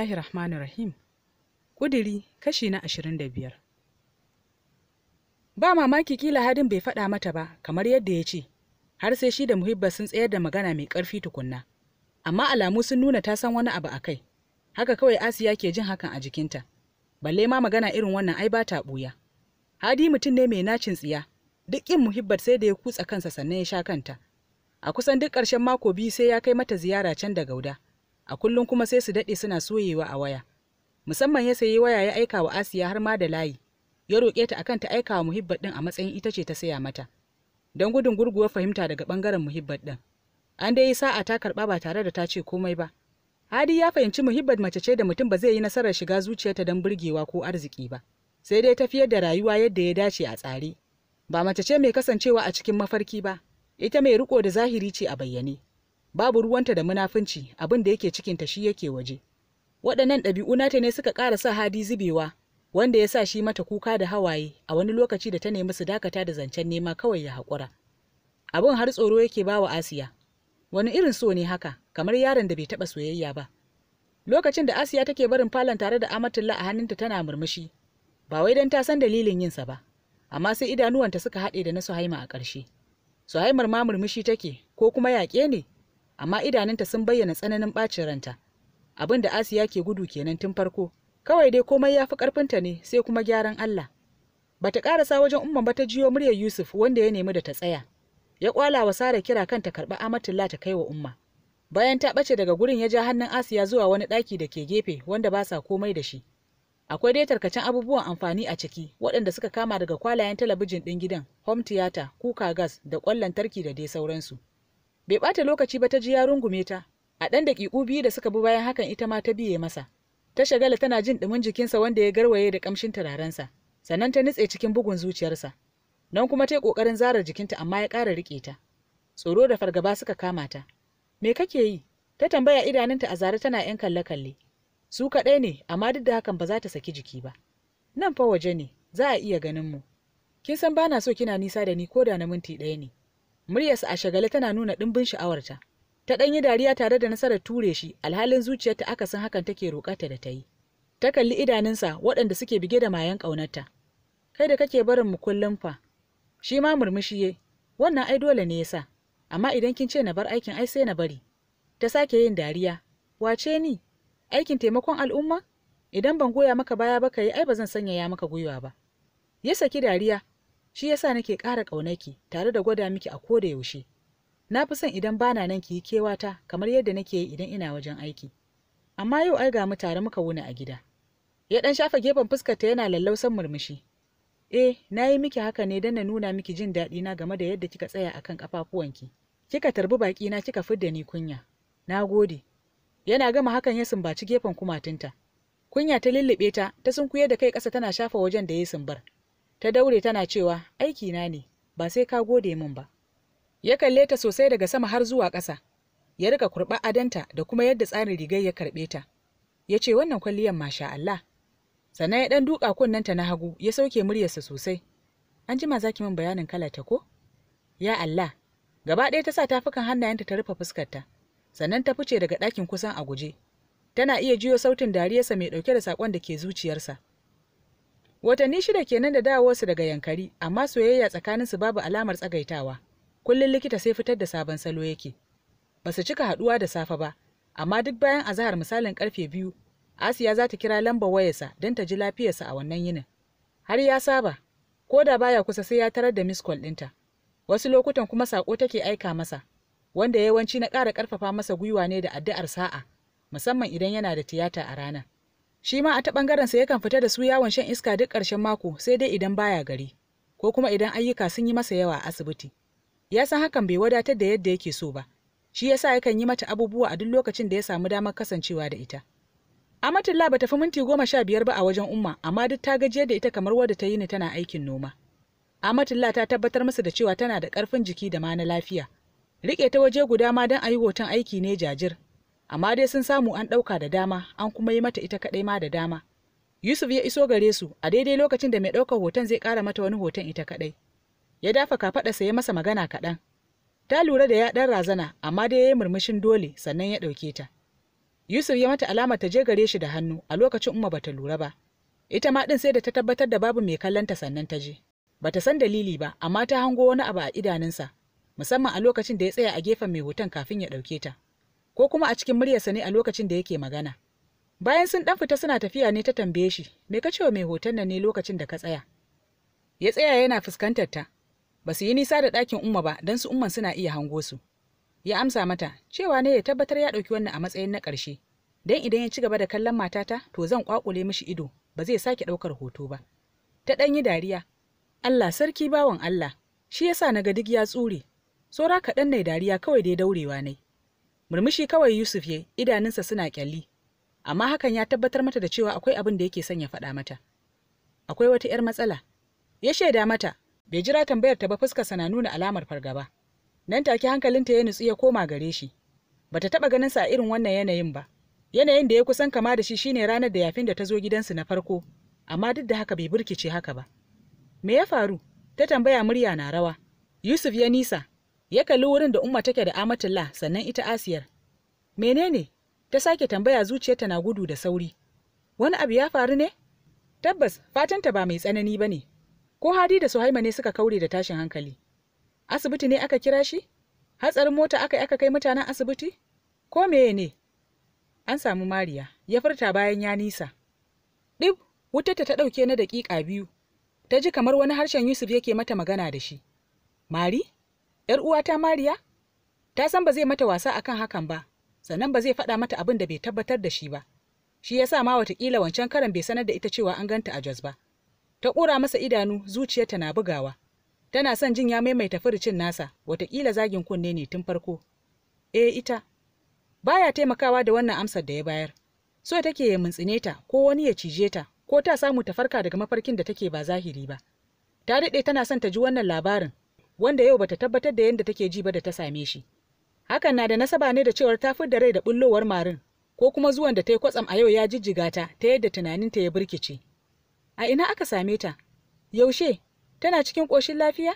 Bismillahir Rahmanir Rahim. kudiri kashi na ashirin Ba mamaki kila hadin bai faɗa mata ba kamar yadda ya ce, har sai shi da muhibba sun tsayar da magana mai ƙarfi tukunna. Amma alamu sun nuna ta san wani abu a kai. Haka kawai Asiya ke jin hakan a jikinta. Balle ma magana irin wannan ai ba ta ɓuya. Hadi mutum ne mai nacin tsiya, duk ƙin muhibbat sai da ya kutsa kansa sannan ya sha kanta. A kusan duk ƙarshen mako biyu sai ya kai mata ziyara can da gauda. a kullum kuma sai su daɗe suna soyewa a waya musamman ya sayi waya ya aika wa asiya har ma da layi ya roƙe ta akan ta aika wa muhibbat ɗin a matsayin ita ce ta saya mata don gudun gurguwar fahimta daga ɓangaren muhibbat ɗin an dai yi sa'a ta karɓa ba tare da ta ce komai ba hadi ya fahimci muhibbat mace ce da mutum ba zai yi nasarar shiga zuciyarta don burgewa ko arziki ba sai dai tafiyar da rayuwa yadda ya dace a tsare ba mace ce mai kasancewa a cikin mafarki ba ita mai riko da zahiri ce a bayyane babu ruwanta da munafunci abin da yake cikinta shi yake waje waɗannan ɗabi'u nata ne suka ƙara sa hadi zubewa wanda ya sa shi mata kuka da hawaye a wani lokaci da ta nemi su dakata da zancen nema kawai ya haƙura abin har tsoro yake bawa asiya wani irin so ne haka kamar yaron da bai taɓa soyayya ba lokacin da asiya take barin falon tare da amatulla a hannunta tana murmushi ba wai don ta san dalilin yinsa ba amma sai idanuwanta suka haɗe da na suhaima a ƙarshe suhaimar ma murmushi take ko kuma yaƙe ne amma idanunta sun bayyana tsananin ɓacin ranta abin da asiya ke gudu kenan tun farko kawai dai komai ya fi ƙarfinta ne sai kuma gyaran allah bata ƙarasa wajen umman ba ta jiyo muryar yusuf wanda ya nemi da ta tsaya ya kwala wa sara kira kan ta karɓi amatullah ta kai wa umma bayan ta ɓace daga gurin ya ja hannun asiya zuwa wani ɗaki da ke gefe wanda ba sa komai da shi akwai dai tarkacen abubuwan amfani a ciki waɗanda suka kama daga kwalayen talabijin ɗin gidan home theater kuka gas da ƙwallon tarki da dai sauransu bai ɓata lokaci ba ta ji ya rungume ta a ɗan daƙiƙu biyu da suka bi bayan hakan ita ma ta biye masa ta shagala tana jin ɗumin jikinsa wanda ya garwaye da ƙamshin turarensa sannan ta nitse cikin bugun zuciyarsa nan kuma ta yi ƙoƙarin zarar jikinta amma ya ƙara riƙe ta tsoro da fargaba suka kama ta me kake yi ta tambaya idanunta a zare tana yan kalle-kalle su kaɗai ne amma duk da hakan ba za ta saki jiki ba nan fa waje ne za a iya ganin mu kin san bana so kina nisa da ni ko da na minti ɗaya ne muryarsa a shagale tana nuna ɗimbin sha'awarta ta ɗanyi dariya tare da nasarar ture shi alhalin zuciyarta aka san hakan take roƙarta da ta yi ta kalli idanunsa waɗanda suke bige da mayan ƙaunarta kai da kake barin mu kullum fa shi ma murmushi ye wannan ai dole ne yasa amma idan kin ce na bar aikin ai sai na bari ta sake yin dariya wace ni aikin taimakon al'umma idan ban goya maka baya ba ka yi ai ba zan sanyaya maka gwiwa ba ya saki dariya shi yasa nake ƙara ƙaunaki tare da gwada miki a ko da yaushe na fi son idan bana nan ki yi kewata kamar yadda nake yi idan ina wajen aiki amma yau ai ga mu tare muka wuni a gida ya dan shafa gefen fuskarta yana lallausan murmushi eh na yi miki haka ne don na nuna miki jin daɗi na game da yadda kika tsaya akan ƙafafuwanki kika tarbi baƙi na kika fidda ni kunya na gode yana gama hakan ya sumbaci gefen kumatunta kunya ta lullube ta ta sunkuye da kai ƙasa tana shafa wajen da ya sumbar ta daure tana cewa aiki na ne ba sai ka gode min ba ya kalle ta sosai daga sama har zuwa ƙasa ya rika kurɓa adanta da kuma yadda tsarin rigar ya karɓe ta ya ce wannan kwalliyan masha Allah sannan ya ɗan duka kunnenta na hagu ya sauke muryarsa sosai an jima za ki min bayanin kalar ta ko ya Allah gaba ɗaya ta sa tafukan hannayenta ta rufe fuskarta sannan ta fice daga ɗakin kusan a guje tana iya jiyo sautin dariyarsa mai ɗauke da saƙon da ke zuciyarsa watanni shida kenan da dawowarsu daga yankari amma soyayya tsakaninsu babu alamar tsagaitawa kullum likita sai fitar da sabon salo yake ba su cika haɗuwa da safe ba amma duk bayan azahar misalin ƙarfe biyu asiya za ta kira lamba wayarsa don ta ji lafiyarsa a wannan yinin har ya saba ko da baya kusa sai ya tarar da miss call ɗinta wasu lokutan kuma saƙo take aika masa wanda yawanci na ƙara ƙarfafa masa gwiwa ne da addu'ar sa'a musamman idan yana da tiyata a rana. shi ma a ta bangaren sa yakan fita da su yawon shan iska duk ƙarshen mako sai dai idan baya gari ko kuma idan ayyuka sun yi masa yawa a asibiti ya san hakan bai wadatar da yadda yake so ba shi yasa yakan yi mata abubuwa a duk lokacin da ya samu damar kasancewa da ita Amatullah bata fi minti goma sha biyar ba a wajen umma amma duk ta gajiyar da ita kamar wadda ta yi ni tana aikin noma Amatullah ta tabbatar musu da cewa tana da ƙarfin jiki da ma na lafiya riƙe ta waje guda ma don a yi hoton aiki ne jajir amma dai sun samu an ɗauka da dama an kuma yi mata ita kaɗai ma da dama yusuf ya iso gare su a daidai lokacin da mai ɗaukar hoton zai ƙara mata wani hoton ita kaɗai ya dafa kafaɗarsa ya masa magana kaɗan ta lura da ya ɗan razana amma dai ya yi murmushin dole sannan ya ɗauke ta yusuf ya mata alamar ta je gare shi da hannu a lokacin umma bata lura ba ita ma ɗin sai da ta tabbatar da babu mai kallonta sannan ta je bata san dalili ba amma ta hango wani abu a idanunsa musamman a lokacin da ya tsaya a gefen mai hoton kafin ya ɗauke ta ko kuma a cikin muryarsa ne a lokacin da yake magana bayan sun ɗan fita suna tafiya ne ta tambaye shi me ka cewa mai hoton nan ne lokacin da ka tsaya ya tsaya yana fuskantar ta ba su yi nisa da ɗakin umma ba don su umman suna iya hango su ya amsa mata cewa ne ya tabbatar ya ɗauki wannan a matsayin na ƙarshe don idan ya ci gaba da kallon matata to zan ƙwaƙule mishi ido ba zai sake ɗaukar hoto ba ta ɗan yi dariya Allah sarki bawan Allah shi yasa na ga duk ya tsure saura kaɗan ne dariya kawai dai daurewa ne murmushi kawai yusuf ya idanunsa suna kyalli amma hakan ya tabbatar mata da cewa akwai abin da yake son ya faɗa mata akwai wata 'yar matsala ya shaida mata bai jira tambayar ta ba fuskarsa na nuna alamar fargaba nan take hankalinta ya nutsu ya koma gare shi bata taba ganin sa a irin wannan yanayin ba yanayin da ya kusan kama da shi shine ranar da yafin da ta zo gidansu na farko amma duk da haka bai burkice haka ba me ya faru ta tambaya murya na rawa yusuf ya nisa ya kalli wurin da umma take da amatullah sannan ita asiyar menene ta sake tambaya zuciyarta na gudu da sauri wani abu ya faru ne tabbas fatanta ba mai tsanani ba ne ko hadi da suhaima ne suka kaure da tashin hankali asibiti ne aka kira shi hatsarin mota aka aka kai mutanen asibiti ko meye ne an samu mariya ya furta bayan ya nisa ɗib wutarta ta ɗauke na daƙiƙa biyu ta ji kamar wani harshen yusuf yake mata magana da shi mari yar uwata mariya ta san ba zai mata wasa akan hakan ba sannan ba zai faɗa mata abin da bai tabbatar da shi ba shi yasa ma watakila wancan karan bai sanar da ita cewa an ganta a jos ba ta ƙura masa idanu zuciyarta na bugawa tana son jin ya maimaita furucin nasa watakila zagin kunne ne tun farko e ita baya taimakawa da wannan amsar da ya bayar so take ya mintsine ta ko wani ya cije ta ko ta samu ta farka daga mafarkin da take ba zahiri ba ta daɗe tana son ta ji wannan labarin wanda yau bata tabbatar da yadda take ji ba da ta same shi hakan na da nasaba ne da cewar ta da rai da bullowar marin ko kuma zuwan da ta yi kwatsam a yau ya jijjiga ta ta yadda tunaninta ya birkice a ina aka same ta yaushe tana cikin koshin lafiya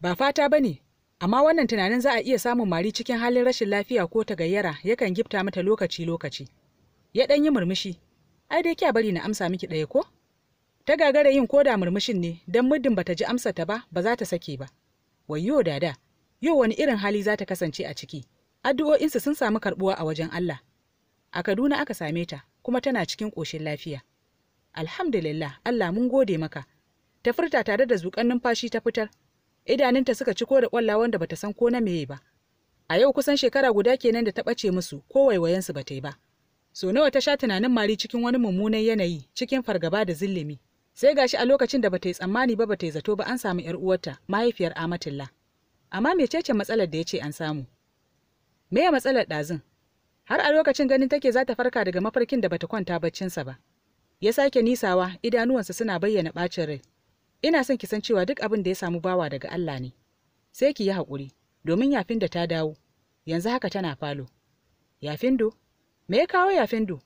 ba fata ba ne amma wannan tunanin za a iya samun mari cikin halin rashin lafiya ko ta gayyara yakan gifta mata lokaci lokaci ya ɗan yi murmushi ai dai kya bari na amsa miki ɗaya ko ta gagara yin koda murmushin ne don muddin bata ji amsa ta ba ba za ta sake ba wayyo dada yau wani irin hali za ta kasance a ciki addu'o'insu sun samu karbuwa a wajen Allah a Kaduna aka same ta kuma tana cikin ƙoshin lafiya alhamdulillah Allah mun gode maka ta furta tare da zukan numfashi ta fitar Idaninta suka ciko da ƙwallawan da bata san ko na meye ba a yau kusan shekara guda kenan da ta ɓace musu ko waiwayensu ta yi ba so nawa ta sha tunanin mari cikin wani mummunan yanayi cikin fargaba da zillimi sai gashi a lokacin da bata yi tsammani ba bata yi zato ba an samu yar uwarta mahaifiyar amatilla amma mecece matsalar da ya ce an samu me ya matsalar ɗazun har a lokacin ganin take za ta farka daga mafarkin da bata kwanta baccinsa ba ya sake nisawa idanuwansa suna bayyana ɓacin rai ina son ki san cewa duk abin da ya samu bawa daga Allah ne sai ki yi haƙuri domin yafin da ta dawo yanzu haka tana falo yafindo me ya kawo yafindo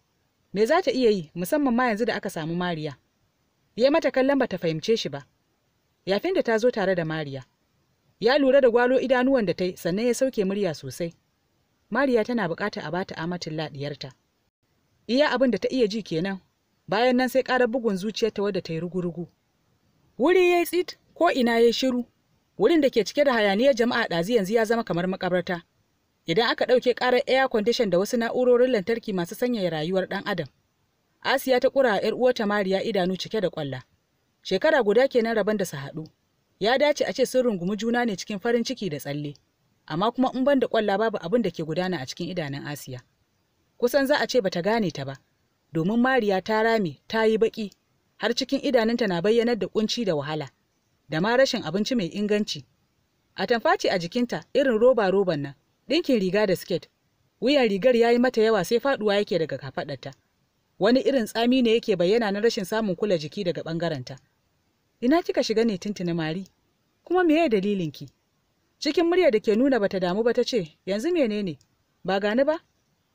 me za ta iya yi musamman ma yanzu da aka samu mariya ya mata kallon bata fahimce shi ba yafin da ta zo tare da mariya ya lura da gwalo idanuwan da ta yi sannan ya sauke murya sosai mariya tana bukata a bata amatin ladiyarta iya abin da ta iya ji kenan bayan nan sai ƙarar bugun zuciyarta wadda ta yi rugu wuri ya yi tsit ko ina ya shiru wurin da ke cike da hayaniyar jama'a ɗazu yanzu ya zama kamar makabarta idan aka ɗauke ƙarar air condition da wasu na'urorin lantarki masu sanyaya rayuwar ɗan adam Asiya ta kura ‘yar uwarta Mariya idanu cike da kwalla. Shekara guda kenan raban da su haɗu. Ya dace a ce sun rungumi juna ne cikin farin ciki da tsalle. Amma kuma in ban da kwalla babu abin da ke gudana a cikin idanun Asiya. Kusan za a ce bata gane ta ba, domin Mariya ta rame, ta yi baki, har cikin idanunta na bayyanar da kunci da wahala, da ma rashin abinci mai inganci. A tamfaci a jikinta irin roba-roban nan, ɗinkin riga da siket, wuyan rigar ya yi mata yawa sai faɗuwa yake daga kafaɗarta. wani irin tsami ne yake bayyana na rashin samun kula jiki daga ɓangarenta ina kika shiga ne tuntuni mari kuma meye dalilinki cikin murya da ke nuna bata damu ba ta ce yanzu menene ba gani ba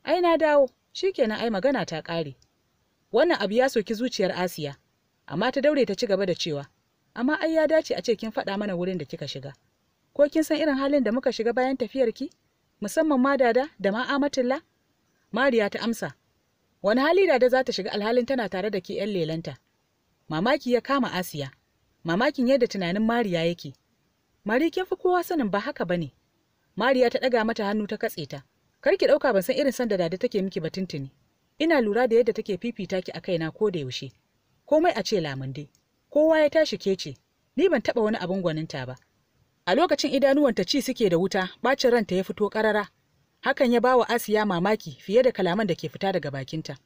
ai na dawo shikenan ai magana ta kare. wannan abu ya soki zuciyar asiya amma ta daure ta ci gaba da cewa amma ai ya dace a ce kin faɗa mana wurin da kika shiga ko kin san irin halin da muka shiga bayan tafiyarki musamman ma dada da ma amatilla mariya ta amsa wani hali da da za ta shiga alhalin tana tare da ke 'yan lelanta mamaki ya kama asiya mamakin yadda tunanin mariya yake mari kin fi kowa sanin ba haka ba ne. mariya ta ɗaga mata hannu ta katse ta kar ki ɗauka ban san irin sanda da da take miki ba tuntuni ina lura da yadda take fifita ki a kaina ko da yaushe komai a ce lamunde kowa ya tashi kece ni ban taɓa wani abin gwaninta ba a lokacin idanuwanta ci suke da wuta bacin ranta ya fito ƙarara hakan ya bawa asiya mamaki fiye da kalaman da ke fita daga bakinta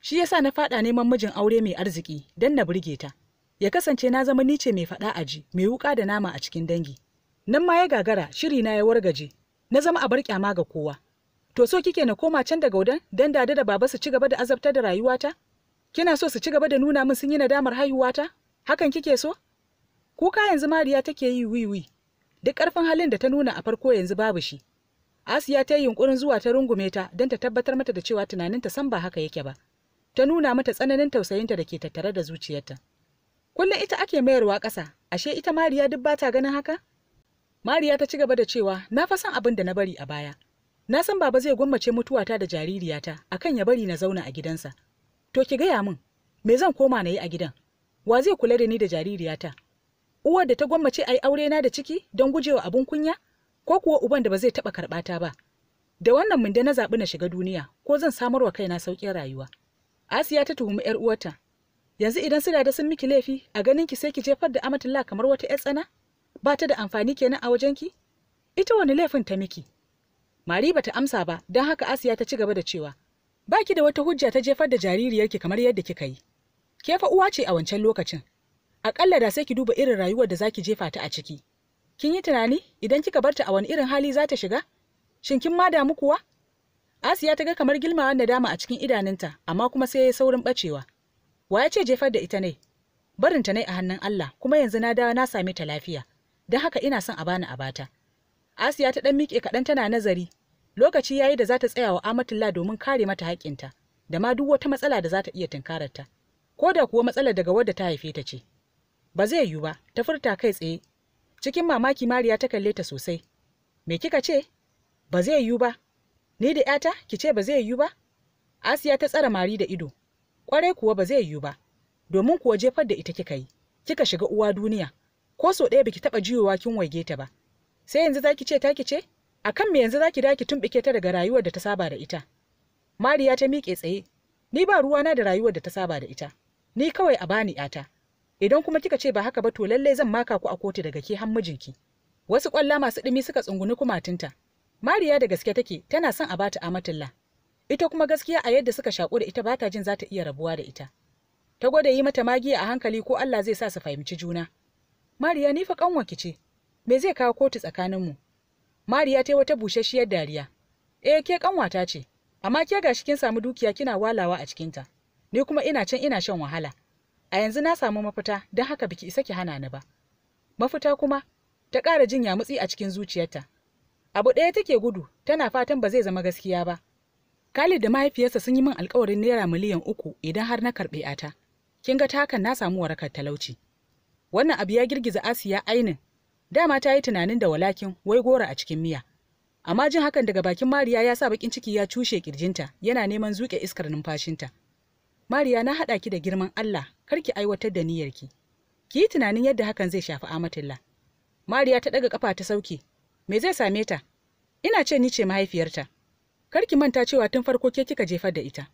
shi yasa na faɗa neman mijin aure mai arziki don na burge ta ya kasance na zama ni ce mai faɗa aji mai wuƙa da nama a cikin dangi nan ma ya gagara shiri na ya wargaje na zama abar kyama ga kowa to so kike na koma can da gaudan, don dada da baba su ci gaba da azabtar da rayuwata kina so su ci gaba da nuna min sun yi nadamar haihuwata hakan kike so kuka yanzu mariya take yi wiwi duk ƙarfin halin da ta nuna a farko yanzu babu shi Asiya ta yi yunkurin zuwa ta rungume ta don ta tabbatar mata da cewa tunaninta san ba haka yake ba. Ta nuna mata tsananin tausayinta da ke tattare da zuciyarta. Kullum ita ake mayarwa ƙasa, ashe ita Mariya duk ba ta ganin haka? Mariya ta ci gaba da cewa na fa san abin da na bari a baya. Na san baba zai gwammace mutuwata da jaririyata akan ya bari na zauna a gidansa. To ki gaya min, me zan koma na yi a gidan? Wa zai kula da ni da jaririyata? Uwar da ta gwammace a yi aure na da ciki don gujewa abin kunya? ko kuwa uban da ba zai taɓa karɓa ta ba da wannan Munde na zaɓi na shiga duniya ko zan samar wa kaina sauƙin rayuwa asiya ta tuhumi yar uwarta yanzu idan su da sun miki laifi a ganin ki sai ki jefar da amatullah kamar wata ƴar tsana ba ta da amfani kenan a wajen ki ita wani laifin ta miki mari bata amsa ba don haka asiya ta ci gaba da cewa baki da wata hujja ta jefar da jaririyarki kamar yadda kika yi ke fa uwa ce a wancan lokacin akalla da sai ki duba irin rayuwar da zaki jefa ta a ciki kin yi tunani idan kika barta a wani irin hali za ta shiga shin kin ma damu kuwa asiya ta ga kamar gilmawan nadama a cikin idanunta amma kuma sai ya saurin bacewa wa ya ce jefar da ita ne ta ne a hannun allah kuma yanzu na dawo na sami ta lafiya don haka ina son a bani a bata asiya ta dan miƙe kaɗan tana nazari lokaci yayi da za ta tsaya wa amatullah domin kare mata haƙƙinta da ma duk wata matsala da za ta iya tunkararta ko da kuwa matsalar daga wadda ta haife ta ce ba zai yiwu ba ta furta kai tsaye cikin mamaki mariya ta kalle ta sosai me kika ce ba zai yiwu ba ni da yata ki ce ba zai yiwu ba asiya ta tsara mari da ido kwarai kuwa ba zai yiwu ba domin kuwa jefar da ita kika yi kika shiga uwa duniya ko so ɗaya biki taɓa jiyowa kin waige ta ba sai yanzu zaki ce ta ki ce akan me yanzu zaki daki tumbike ta daga rayuwar da ta saba da ita mariya ta miƙe tsaye ni ba ruwana da rayuwar da ta saba da ita ni kawai a bani yata idan kuma kika ce ba haka ba to lallai zan maka ku a kotu daga ke har mijinki wasu kwalla masu ɗumi suka tsunguni kumatinta mariya da gaske take tana son a bata amatilla ita kuma gaskiya a yadda suka shaƙo da ita bata jin za ta iya rabuwa da ita ta gwada yi mata magiya a hankali ko Allah zai sa su fahimci juna mariya ni fa kanwaki ce me zai kawo kotu tsakanin mu? mariya ta yi wata busasshiyar dariya eh ke kanwata ce amma ke gashi kin samu dukiya kina walawa a cikinta ni kuma ina can ina shan wahala a yanzu na samu mafita don haka biki isa ki hana ni ba mafita kuma ta ƙara jin mutsi a cikin zuciyarta abu ɗaya take gudu tana fatan ba zai zama gaskiya ba Khalid da mahaifiyarsa sun yi min alkawarin naira miliyan uku idan har na karɓe ata kin ga ta hakan na samu warakar talauci wannan abu ya girgiza asiya ainin dama ta yi tunanin da walakin wai gora a cikin miya amma jin hakan daga bakin mariya ya sa bakin ciki ya cushe kirjinta yana neman zuƙe iskar numfashinta mariya na haɗa ki da girman allah kar ki aiwatar da niyyarki ki yi tunanin yadda hakan zai shafi amatilla mariya ta ɗaga ƙafa ta sauke me zai same ta ina ce ni ce mahaifiyarta kar ki manta cewa tun farko ke kika jefar da ita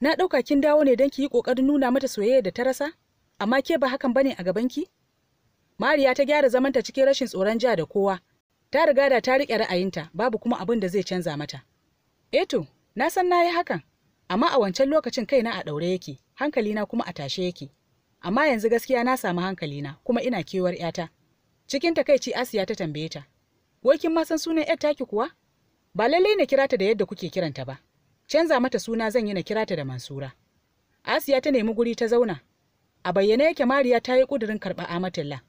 na ɗauka kin dawo ne don ki yi ƙoƙarin nuna mata soyayya da ta rasa amma ke ba hakan bane a gaban ki? mariya ta gyara zamanta cikin rashin tsoron ja da kowa ta riga da ta riƙe ra'ayinta babu kuma abin da zai canza mata eto eh na san na yi hakan amma a wancan lokacin kaina a ɗaure yake hankalina kuma a tashe yake amma yanzu gaskiya na samu hankalina kuma ina kewar yata cikin takaici asiya ta tambaye ta wai kin ma san sunan yar taki kuwa ba lallai na kira ta da yadda kuke kiranta ba canza mata suna zan yi na kira ta da mansura asiya ta nemi guri ta zauna a bayyane yake mariya ta yi ƙudurin karɓa amatilla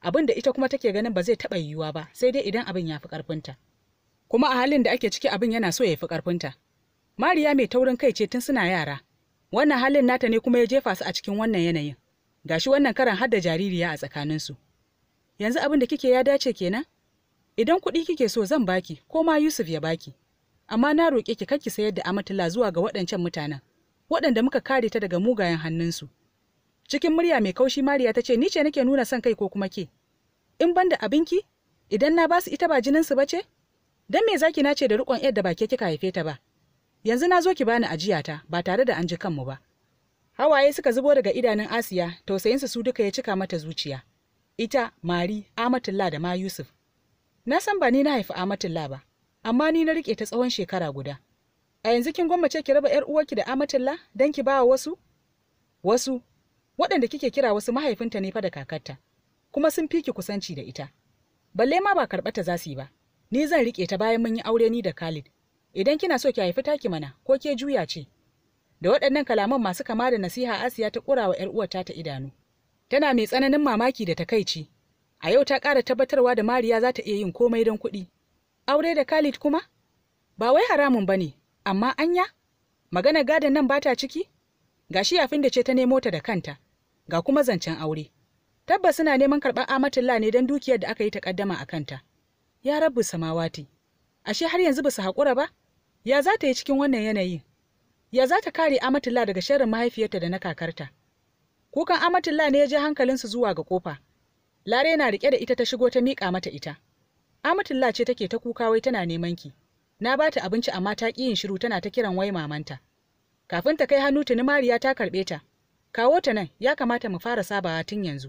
abin da ita kuma take ganin ba zai taɓa yiwuwa ba sai dai idan abin ya fi ƙarfinta kuma a halin da ake ciki abin yana so ya fi ƙarfinta mariya mai taurin kai ce tun suna yara wannan halin nata ne kuma ya jefa su a cikin wannan yanayin gashi wannan karan har jaririya a tsakaninsu yanzu abin da kike ya dace kenan idan kuɗi kike so zan baki ko ma yusuf ya baki amma na roƙe ki kar ki sayar da amatila zuwa ga waɗancan mutanen waɗanda muka kare ta daga mugayen hannunsu cikin murya mai kaushi mariya ta ce ni ce nake nuna son kai ko kuma ke in ban da abinki idan na basu ita ba jininsu ba ce Dan me zaki na ce da riƙon yadda ba ke kika haife ta ba yanzu na zo ki bani ajiyata ba tare da an ji kanmu ba hawaye suka zubo daga idanun asiya tausayinsu su duka ya cika mata zuciya ita mari Amatulla da ma yusuf na san ba ni na haifi Amatulla ba amma ni na rike ta tsawon shekara guda a yanzu kin gwammace ki raba yar uwarki da Amatulla? don ki bawa wasu wasu waɗanda kike kira wasu mahaifinta ne fa da kakarta kuma sun fi ki kusanci da ita balle ma ba karɓata za su yi ba ni zan rike ta bayan mun yi aure ni da khalid idan kina so ki haifi taki mana ko ke juya ce da waɗannan kalaman masu kama da nasiha asiya ta ƙura wa 'yar uwarta ta idanu tana mai tsananin mamaki da takaici a yau ta ƙara tabbatarwa da mariya za ta iya yin komai don kuɗi aure da khalid kuma ba wai haramun ba ne amma anya magana gadon nan ba ta ciki gashi yafin da ce ta nemo ta da kanta ga kuma zancen aure tabbas suna neman karɓar Amatulla ne don dukiyar da aka yi ta ƙaddama a kanta ya rabu samawati ashe har yanzu ba su haƙura ba ya za ta yi cikin wannan yanayin ya za ta kare amatilla daga sharrin mahaifiyarta da na kakarta kukan amatilla ne ya je hankalinsu zuwa ga kofa lare na rike da ita ta shigo ta miƙa mata ita amatilla ce take ta kuka wai tana neman ki na ba ta abinci amma ta ƙi yin shiru tana ta kiran wai mamanta kafin ta kai hannu tuni mariya ta karɓe ta kawo ta nan ya kamata mu fara sabawa tun yanzu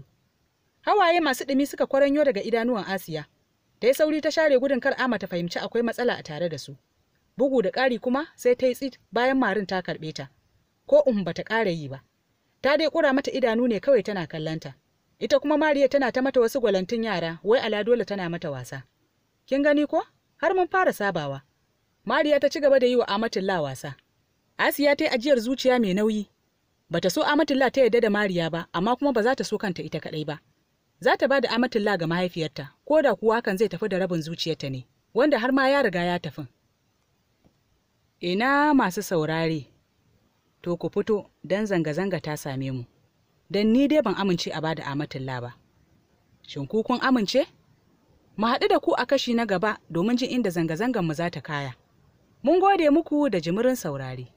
hawaye masu ɗumi suka kwaranyo daga idanuwan asiya da ya sauri ta share gudun kar ama ta fahimci akwai matsala a tare da su bugu da ƙari kuma sai ta yi tsit bayan marin ta karɓe ta ko in um bata ƙara yi ba ta dai ƙura mata idanu ne kawai tana kallanta ita kuma mariya tana ta mata wasu gwalantun yara wai ala dole tana mata wasa kin gani ko har mun fara sabawa mariya ta ci gaba da yi wa amatilla wasa asiya ta yi ajiyar zuciya mai nauyi bata so amatilla ta yarda da mariya ba amma kuma ba za ta so kanta ita kaɗai ba za ta ba da amatilla ga mahaifiyarta ko da kuwa hakan zai tafi da rabin zuciyarta ne wanda har ma ya riga ya tafin Ina masu saurare, to ku fito don zanga-zanga ta same mu, don ni dai ban amince a bada amatilla ba. Shin ku kun amince? Mu haɗu da ku a kashi na gaba domin jin inda zanga zangan mu za ta kaya. Mun gode muku da jimirin saurare.